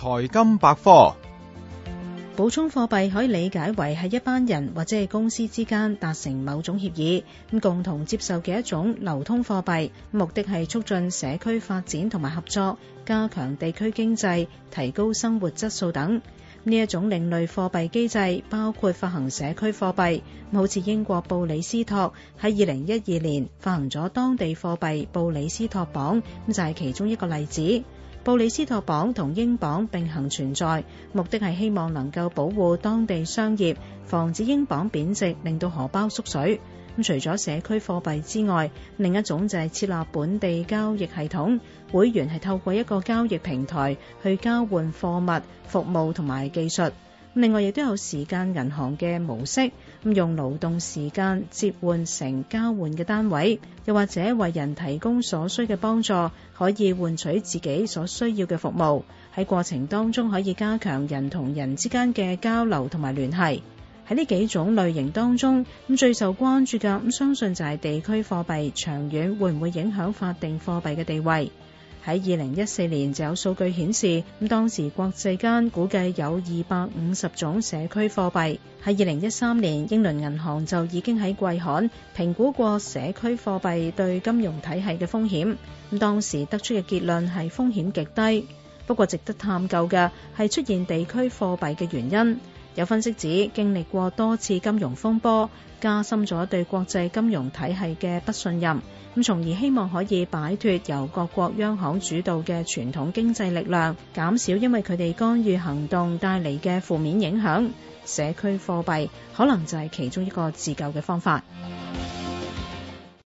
財金百科，補充貨幣可以理解為係一班人或者係公司之間達成某種協議，咁共同接受嘅一種流通貨幣，目的係促進社區發展同埋合作，加強地區經濟，提高生活質素等。呢一種另類貨幣機制，包括發行社區貨幣，好似英國布里斯托喺二零一二年發行咗當地貨幣布里斯托鎊，咁就係其中一個例子。布里斯托鎊同英鎊並行存在，目的係希望能夠保護當地商業，防止英鎊貶值，令到荷包縮水。咁除咗社區貨幣之外，另一種就係設立本地交易系統，會員係透過一個交易平台去交換貨物、服務同埋技術。另外，亦都有時間銀行嘅模式，咁用勞動時間折換成交換嘅單位，又或者為人提供所需嘅幫助，可以換取自己所需要嘅服務。喺過程當中，可以加強人同人之間嘅交流同埋聯繫。喺呢幾種類型當中，咁最受關注嘅咁相信就係地區貨幣，長遠會唔會影響法定貨幣嘅地位？喺二零一四年就有數據顯示，咁當時國際間估計有二百五十種社區貨幣，喺二零一三年，英倫銀行就已經喺季刊評估過社區貨幣對金融體系嘅風險，咁當時得出嘅結論係風險極低。不過值得探究嘅係出現地區貨幣嘅原因。有分析指，經歷過多次金融風波，加深咗對國際金融體系嘅不信任，咁從而希望可以擺脱由各國央行主導嘅傳統經濟力量，減少因為佢哋干預行動帶嚟嘅負面影響。社區貨幣可能就係其中一個自救嘅方法。